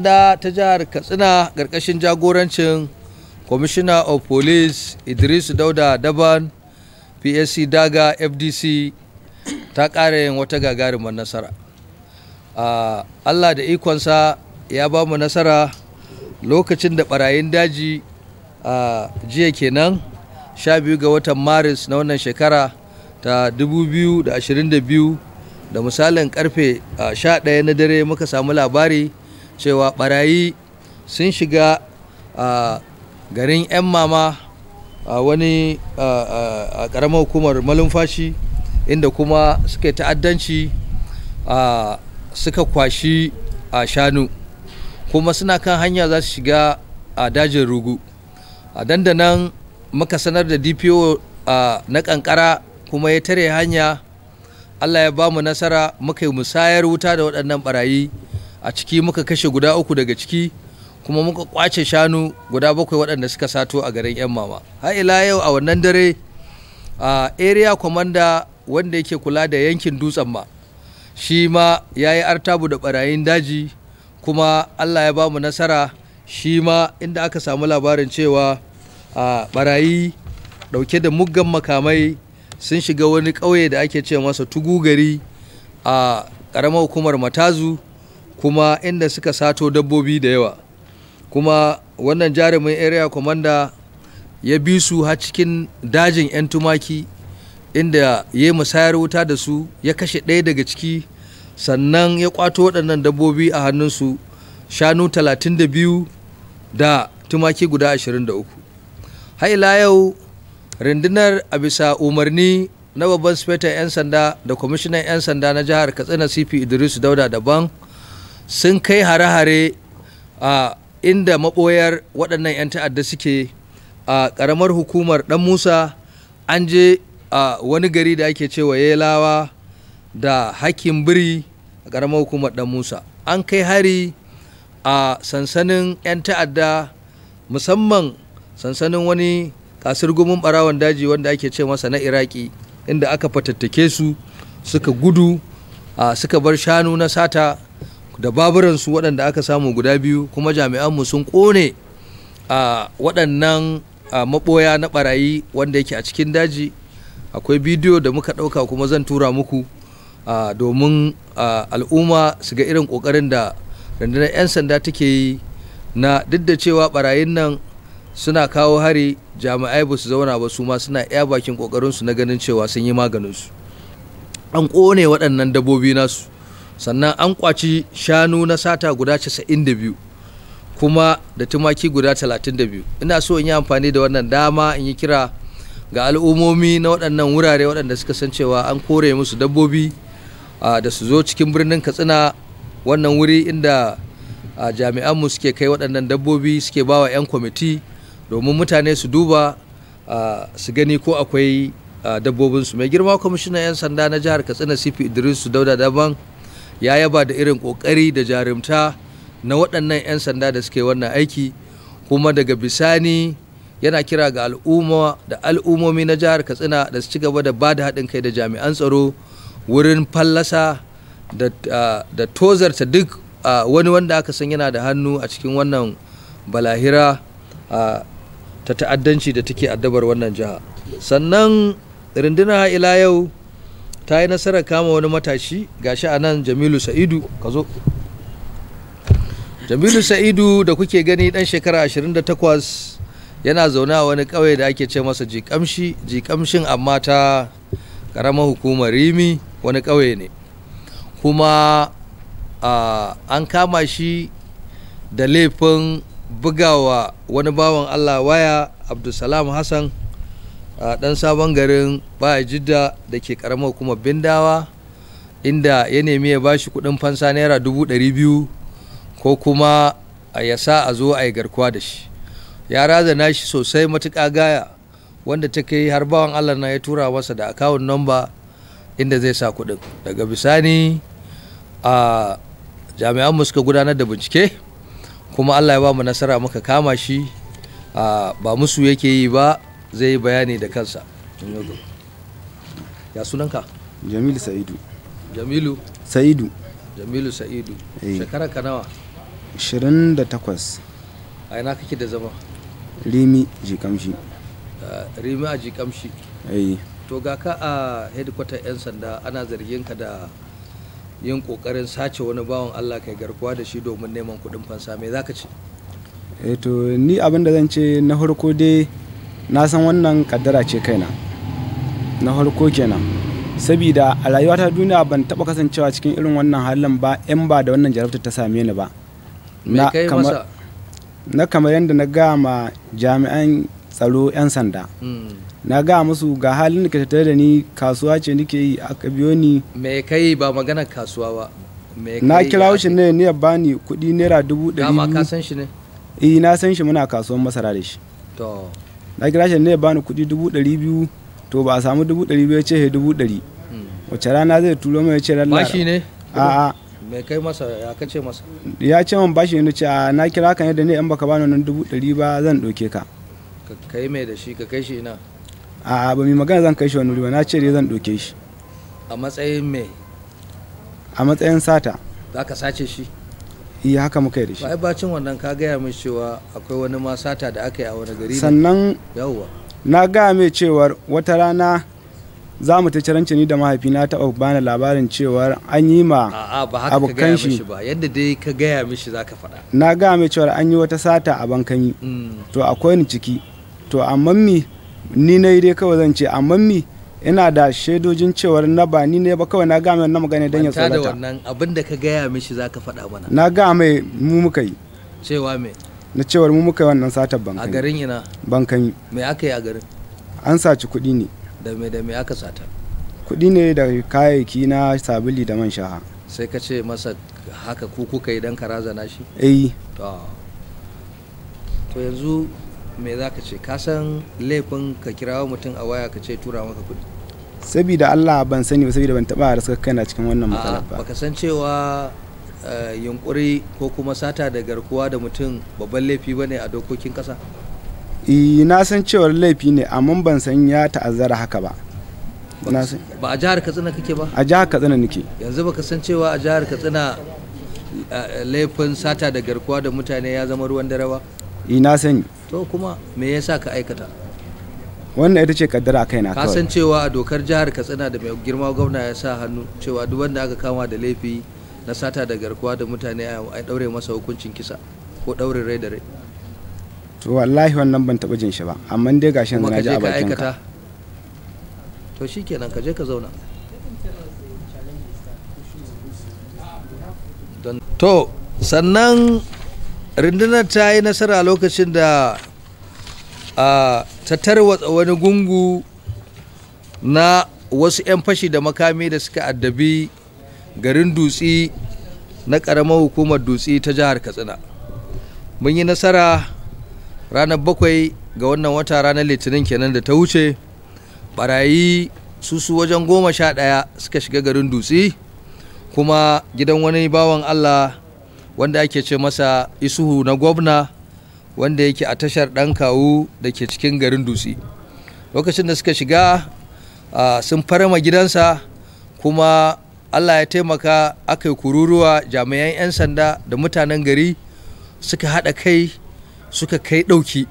da ta jihar katsina ƙarƙashin jagorancin commissioner of police idris dauda daban psc daga fdc ta ƙara yin wata gagarumar nasara allah da ikonsa ya ba mu nasara lokacin da barayin daji a jiya kenan sha biyu ga watan maris na wannan shekara ta 2022 da misalin karfe 11 na dare muka samu labari cewa barayi sun shiga garin 'yan mama a wani a karamar hukumar malumfashi inda kuma suka ta'addanci suka kwashi a shanu kuma suna kan hanya za su shiga a dajin rugu a dandanan muka sanar da dpo na kankara kuma ya tare hanya Allah ya ba mu nasara muka yi musayar wuta da waɗannan barayi a ciki muka kashe guda uku daga ciki kuma muka kwace shanu guda bakwai waɗanda suka sato a garin yan mama har ila yau a wannan dare a area commander wanda yake kula da yankin dutsen ma shi ma ya yi artabu da ɓarayin daji kuma Allah ya ba mu nasara shi ma inda aka samu labarin cewa a barayi ɗauke da muggan makamai sun shiga wani ƙauye da ake ce masa tugu gari a ƙaramar hukumar matazu kuma inda suka sato dabbobi da yawa kuma wannan jarumin area commander ya bi su har cikin dajin 'yan tumaki inda ya yi musayar wuta da su ya kashe ɗaya daga ciki sannan ya kwato waɗannan dabbobi a hannunsu shanu 32 da tumaki guda 23 har ila yau rundunar a bisa umarni na babban sifetan 'yan sanda da kwamishinan 'yan sanda na jihar katsina cp idris dauda daban sun kai hare-hare a inda maboyar waɗannan 'yan ta'adda suke a ƙaramar hukumar ɗan musa an je a wani gari da ake cewa yelawa da hakkin biri a ƙaramar hukumar ɗan musa an kai hari a sansanin 'yan ta'adda musamman sansanin wani kasar gumin barawan daji wanda ake ce masa na iraki inda aka fatattake su suka gudu a suka bar shanu na sata da baburansu waɗanda aka samu guda biyu kuma jami'anmu sun ƙone a waɗannan maɓoya na ɓarayi wanda yake a cikin daji akwai bidiyo da muka ɗauka kuma zan tura muku domin al'umma su ga irin ƙoƙarin da rundunar 'yan sanda take yi na duk da cewa ɓarayin nan suna kawo hari jami'ai ba su zauna ba su ma suna iya bakin kokarinsu na ganin cewa sun yi maganinsu an kone waɗannan dabbobi nasu sannan an kwaci shanu na sata guda 92 kuma da tumaki guda 32 ina so in yi amfani da wannan dama in yi kira ga al'ummomi na waɗannan wurare waɗanda suka san cewa an kore musu dabbobi da su zo cikin birnin katsina wannan wuri inda jami'anmu suke kai waɗannan dabbobi suke bawa 'yan kwamiti domin mutane su duba su gani ko akwai dabbobinsu mai girma kwamishinan 'yan sanda na jihar katsina cp idrisu dauda daban ya yaba da irin kokari da jarumta na waɗannan 'yan sanda da suke wannan aiki kuma daga bisani yana kira ga al'umma da al'ummomi na jihar katsina da su ci gaba da bada haɗin kai da jami'an tsaro wurin fallasa da tozarta duk wani wanda aka san yana da hannu a cikin wannan balahira ta ta'addanci da take addabar wannan jiha sannan rindina ila yau ta yi nasarar kama wani matashi gashi a nan jamilu sa'idu ka zo jamilu sa'idu da kuke gani dan shekara 28 yana zaune a wani ƙauye da ake ce masa jikamshi jikamshin amma ta ƙaramar hukumar rimi wani ƙauye ne kuma an kama shi da laifin bugawa wani bawan allah waya abdulsalam hassan a dan sabon garin baya jidda da ke karamar kuma bindawa inda ya nemi ya bashi kudin fansa naira dubu ɗari biyu ko kuma ya sa a zo a yi garkuwa da shi ya razana shi sosai matuƙa gaya wanda ta kai har bawan allah na ya tura masa da akawun namba inda zai sa kuɗin daga bisani a jami'an mu suka gudanar da bincike kuma allah ya ba mu nasara muka kama shi ba musu yake yi ba zai bayani da kansa ya sunanka jamilu sa'idu jamilu sa'idu jamilu sa'idu eh. shekara ka nawa 28 a ina kake da zama rimi jikamshi rimi a jikamshi eh. to ga ka a headquarter 'yan sanda ana zargin ka da yin kokarin sace wani bawan Allah kai garkuwa da shi domin neman kuɗin fansa me zaka ce eh to ni abin da zan ce na farko dai na san wannan kaddara ce kaina na farko kenan sabida a rayuwa ta duniya ban taba kasancewa cikin irin wannan halin ba in ba da wannan jarabtar ta same ni ba na kamar yadda na ga ma jami'an tsaro 'yan sanda na ga musu ga halin da ka tattare da ni kasuwa ce nake yi aka biyo ni me kai ba maganar kasuwa ba na kira wuce ne ne ya bani kuɗi naira dubu ɗari ma ka san shi ne eh na san shi muna kasuwan masara da shi to na kira shi ne ya bani kuɗi dubu ɗari biyu to ba a samu dubu ɗari biyu ya ce he dubu ɗari hmm. wace rana zai turo mai ya ce ran bashi ne a'a me kai masa ya kace masa ya ce man bashi ne ce a na kira ka ne da ne in baka bani wannan dubu ɗari ba zan ɗauke ka ka kai mai da shi ka kai shi ina a ba mai magana zan kai shi wani wuri na ce zan ɗauke shi a matsayin mai a matsayin sata za ka sace shi iya eh, haka muka yi da shi ba bacin wannan ka gaya min cewa akwai wani ma sata da aka yi a wani gari sannan yawwa na gaya mai cewar wata rana za mu ta ciranci ni da mahaifina ta bani labarin cewar an yi ma abokan shi ba yadda dai ka gaya mishi za ka faɗa na gaya mai cewar an yi wata sata a bankami mm. to akwai ni ciki to amma mi ni na yi dai kawai zan ce amma mi ina da shaidojin cewar na ba ni ne ba kawai na gama mai wannan magana dan ya tsorata da wannan abin da ka gaya mishi zaka faɗa mana na ga mai mu muka yi cewa me na cewar mu muka yi wannan satar bankan a garin ina bankan me aka yi a garin an saci kuɗi ne da me da me aka sata kuɗi ne da kayayyaki na sabili da man shaha sai ka ce masa haka ku kuka yi dan ka razana shi eh to yanzu me za ka ce ka san laifin ka kirawo mutum a waya ka ce tura maka kuɗi saboda Allah ban sani ba saboda ban taba da suka kana cikin wannan matsala ba baka san cewa eh, yunkuri ko kuma sata da garkuwa da mutum babban laifi bane a dokokin kasa eh, na san cewar laifi ne amma ban san ya ta'azzara haka ba ba a jihar katsina kake ba a jihar katsina nake yanzu baka san cewa a jihar katsina eh, laifin sata da garkuwa da mutane ya zama ruwan dare ba na sani to kuma me yasa ka aikata wannan ita ce kaddara a na kawai san cewa a dokar jihar katsina da mai girma gwamna ya sa hannu cewa duk wanda aka kama da laifi na sata da garkuwa da mutane a daure masa hukuncin kisa ko daure rai da rai to wallahi wannan ban taɓa jin shi ba amma dai gashi yanzu na ji a bakin ka to shikenan ka je ka zauna to sannan rindunar ta yi nasara lokacin da ta tarwatsa wani gungu na wasu 'yan fashi da makami da suka addabi garin dutsi na ƙaramar hukumar dutsi ta jihar katsina mun yi nasara ranar bakwai ga wannan wata ranar litinin kenan da ta wuce barayi su su wajen goma sha ɗaya suka shiga garin dutsi kuma gidan wani bawan allah wanda ake ce masa isuhu na gwamna wanda yake a tashar ɗan kawu da ke cikin garin dutse lokacin da suka shiga sun farma gidansa kuma allah ya taimaka aka yi kururuwa jami'an 'yan sanda da mutanen gari suka haɗa kai suka kai ɗauki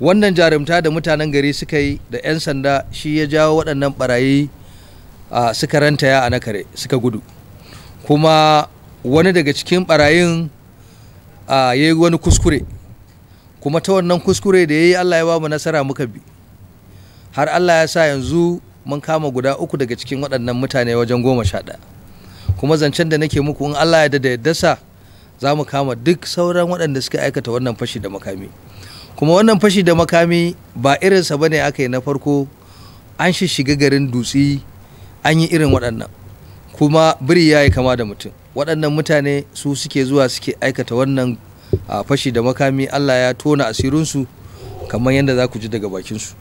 wannan jarumta da mutanen gari suka yi da 'yan sanda shi ya jawo waɗannan barayi suka rantaya a nakare suka gudu kuma wani daga cikin barayin ya yi wani kuskure kuma ta wannan kuskure da ya yi allah ya ba mu nasara muka bi har allah ya sa yanzu mun kama guda uku daga cikin waɗannan mutane wajen goma sha ɗaya kuma zancen da nake muku in allah ya da sa za mu kama duk sauran waɗanda suka aikata wannan fashi da makami kuma wannan fashi da makami ba irinsa ba ne aka yi na farko an shiga garin dutse an yi irin waɗannan kuma biri ya yi kama da mutum waɗannan mutane su suke zuwa suke aikata wannan fashi da makami allah ya tona asirinsu kamar yadda za ku ji daga bakinsu